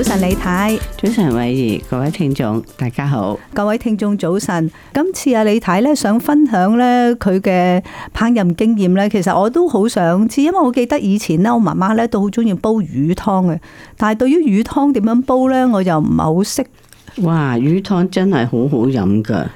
早晨李太，早晨偉儀，各位聽眾大家好，各位聽眾早晨。今次啊李太咧想分享咧佢嘅烹飪經驗咧，其實我都好想知，因為我記得以前咧我媽媽咧都好中意煲魚湯嘅，但係對於魚湯點樣煲咧，我又唔係好識。哇，魚湯真係好好飲噶。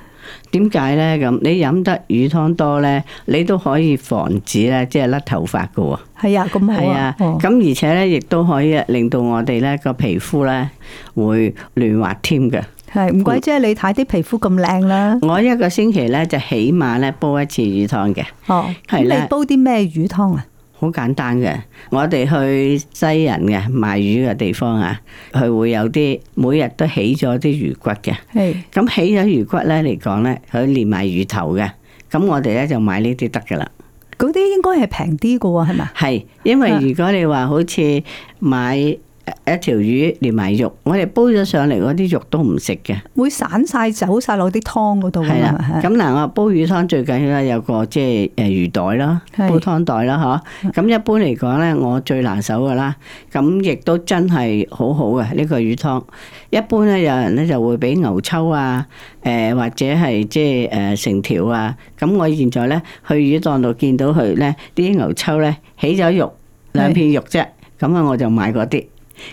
點解咧咁？呢你飲得魚湯多咧，你都可以防止咧，即係甩頭髮噶喎。係啊，咁好啊。係啊、哦，咁而且咧，亦都可以令到我哋咧個皮膚咧會嫩滑添嘅。係唔怪，即係你睇啲皮膚咁靚啦。我一個星期咧就起碼咧煲一次魚湯嘅。哦，咁你煲啲咩魚湯啊？好簡單嘅，我哋去西人嘅賣魚嘅地方啊，佢會有啲每日都起咗啲魚骨嘅。係是，咁起咗魚骨咧嚟講咧，佢連埋魚頭嘅，咁我哋咧就買呢啲得㗎啦。嗰啲應該係平啲㗎喎，係咪？係，因為如果你話好似買。一條魚連埋肉，我哋煲咗上嚟，嗰啲肉都唔食嘅，會散晒走晒落啲湯嗰度。係啦，咁嗱的，的我煲魚湯最緊要咧有個即係誒魚袋啦，的煲湯袋啦，嗬。咁一般嚟講咧，我最拿手噶啦。咁亦都真係好好嘅呢個魚湯。一般咧有人咧就會俾牛抽啊，誒、呃、或者係即係誒成條啊。咁我現在咧去魚檔度見到佢咧啲牛抽咧起咗肉兩片肉啫，咁啊的我就買嗰啲。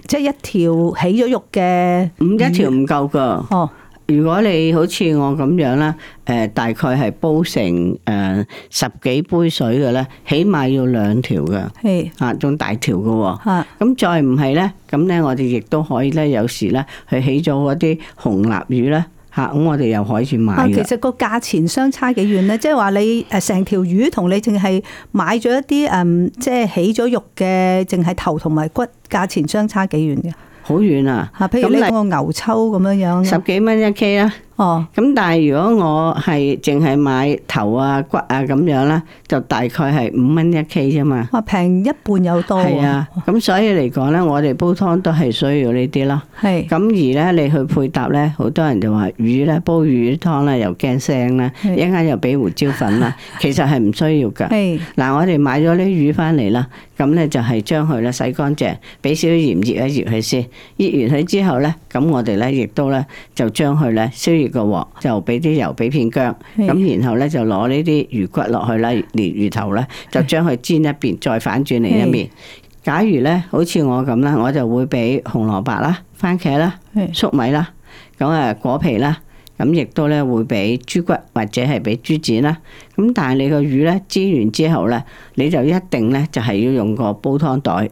即係一條起咗肉嘅，咁、嗯、一條唔夠噶。哦，如果你好似我咁樣啦，誒、呃，大概係煲成誒、呃、十幾杯水嘅咧，起碼要兩條嘅。係是啊，仲大條嘅。吓、啊，咁再唔係咧，咁咧我哋亦都可以咧，有時咧去起咗嗰啲紅鱲魚咧。吓，咁、啊、我哋又可以買。啊，其實個價錢相差幾遠咧？即係話你誒，成條魚同你淨係買咗一啲誒，即係起咗肉嘅，淨係頭同埋骨，價錢相差幾遠嘅？好遠啊！吓、啊，譬如你個牛抽咁樣樣，十幾蚊一 k 啊。哦，咁但係如果我係淨係買頭啊骨啊咁樣啦，就大概係五蚊一 K 啫嘛。哇，平一半有多。係啊，咁所以嚟講咧，我哋煲湯都係需要呢啲咯。係。咁而咧，你去配搭咧，好多人就話魚咧煲魚湯咧又驚腥啦，一陣間又俾胡椒粉啦，其實係唔需要噶。係。嗱，我哋買咗啲魚返嚟啦，咁咧就係將佢咧洗乾淨，俾少少鹽熱一熱醃一醃佢先，醃完佢之後咧，咁我哋咧亦都咧就將佢咧先。個鑊就俾啲油，俾片薑咁，是的 然後咧就攞呢啲魚骨落去啦，連魚頭啦，就將佢煎一邊，是的 再反轉另一面。假如咧，好似我咁啦，我就會俾紅蘿蔔啦、番茄啦、是的 粟米啦，咁誒果皮啦，咁亦都咧會俾豬骨或者係俾豬展啦。咁但係你個魚咧煎完之後咧，你就一定咧就係要用個煲湯袋。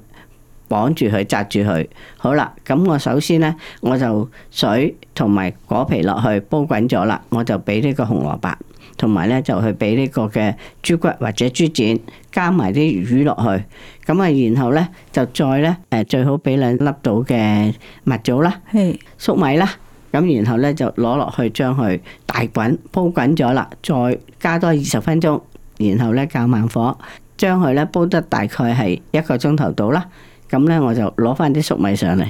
綁住佢，紮住佢，好啦。咁我首先呢，我就水同埋果皮落去煲滾咗啦。我就俾呢個紅蘿蔔，同埋呢就去俾呢個嘅豬骨或者豬展加埋啲魚落去。咁啊，然後呢，就再呢誒，最好俾兩粒到嘅蜜穀蜜棗啦，係是粟米啦。咁然後呢，就攞落去將佢大滾煲滾咗啦，再加多二十分鐘，然後呢，較慢火將佢咧煲得大概係一個鐘頭到啦。咁咧，我就攞翻啲粟米上嚟，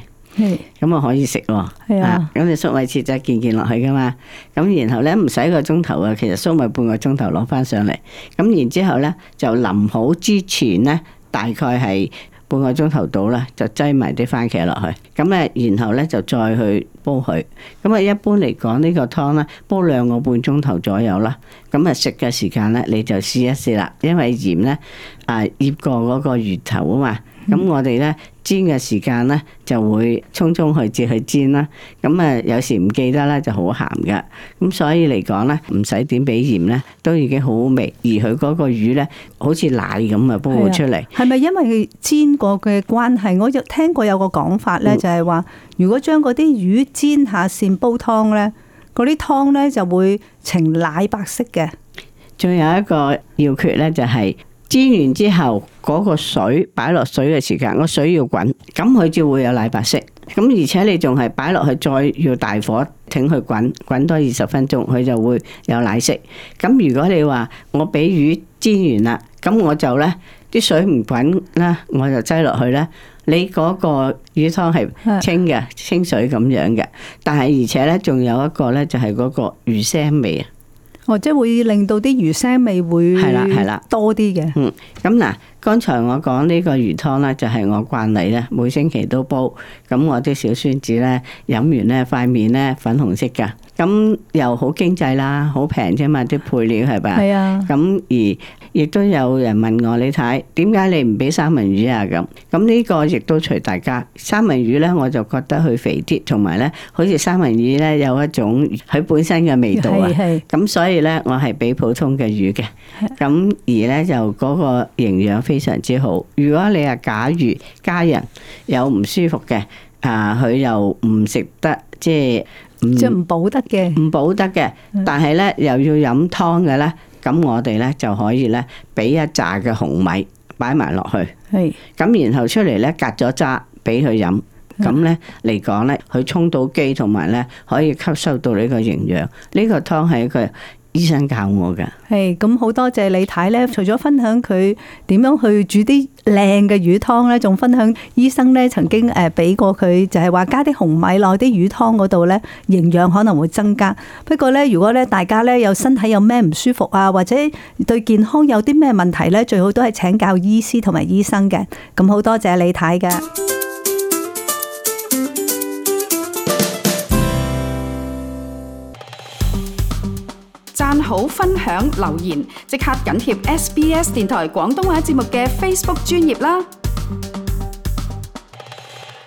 咁啊是可以食喎。咁、啊啊、你粟米切咗件件落去噶嘛？咁然後咧唔使一個鐘頭啊，其實粟米半個鐘頭攞翻上嚟。咁然之後咧就淋好之前咧，大概係半個鐘頭到啦，就擠埋啲番茄落去。咁啊，然後咧就再去煲佢。咁啊，一般嚟講呢個湯咧煲兩個半鐘頭左右啦。咁啊，食嘅時間咧你就試一試啦，因為鹽咧啊醃過嗰個魚頭啊嘛。咁、嗯、我哋咧煎嘅時間咧就會匆匆去接去煎啦。咁啊有時唔記得咧就好鹹嘅。咁所以嚟講咧唔使點俾鹽咧，都已經好好味。而佢嗰個魚咧，好似奶咁啊煲咗出嚟。係咪因為佢煎過嘅關係？我有聽過有個講法咧，就係話，如果將嗰啲魚煎下先煲，煲湯咧，嗰啲湯咧就會呈奶白色嘅。仲有一個要訣咧，就係、是。煎完之後，嗰個水擺落水嘅時間，個水要滾，咁佢就會有奶白色。咁而且你仲係擺落去，再要大火整佢滾，滾多二十分鐘，佢就會有奶色。咁如果你話我俾魚煎完啦，咁我就咧啲水唔滾啦，我就擠落去咧，你嗰個魚湯係清嘅清水咁樣嘅。但係而且咧仲有一個咧就係嗰個魚腥味啊。或者係會令到啲魚腥味會係啦係啦多啲嘅，嗯咁嗱，剛才我講呢個魚湯啦，就係我慣例啦，每星期都煲。咁我啲小孫子咧飲完咧塊面咧粉紅色㗎，咁又好經濟啦，好平啫嘛，啲配料係嘛，係啊，咁而。亦都有人問我：你睇點解你唔俾三文魚啊？咁咁呢個亦都隨大家。三文魚咧，我就覺得佢肥啲，同埋咧好似三文魚咧有一種佢本身嘅味道啊。咁所以咧，我係俾普通嘅魚嘅。咁而咧就嗰個營養非常之好。如果你話假如家人有唔舒服嘅啊，佢又唔食得，即係即係唔補得嘅，唔補得嘅。但係咧又要飲湯嘅咧。咁我哋咧就可以咧俾一紮嘅紅米擺埋落去，咁是然後出嚟咧隔咗渣俾佢飲，咁咧嚟講咧佢沖到機同埋咧可以吸收到呢、這個營養，呢個湯係佢。醫生教我噶，係咁好多謝李太咧。除咗分享佢點樣去煮啲靚嘅魚湯咧，仲分享醫生咧曾經誒俾過佢，就係話加啲紅米落啲魚湯嗰度咧，營養可能會增加。不過咧，如果咧大家咧有身體有咩唔舒服啊，或者對健康有啲咩問題咧，最好都係請教醫師同埋醫生嘅。咁好多謝李太嘅。好分享留言，即刻緊貼 SBS 電台廣東話節目嘅 Facebook 專頁啦！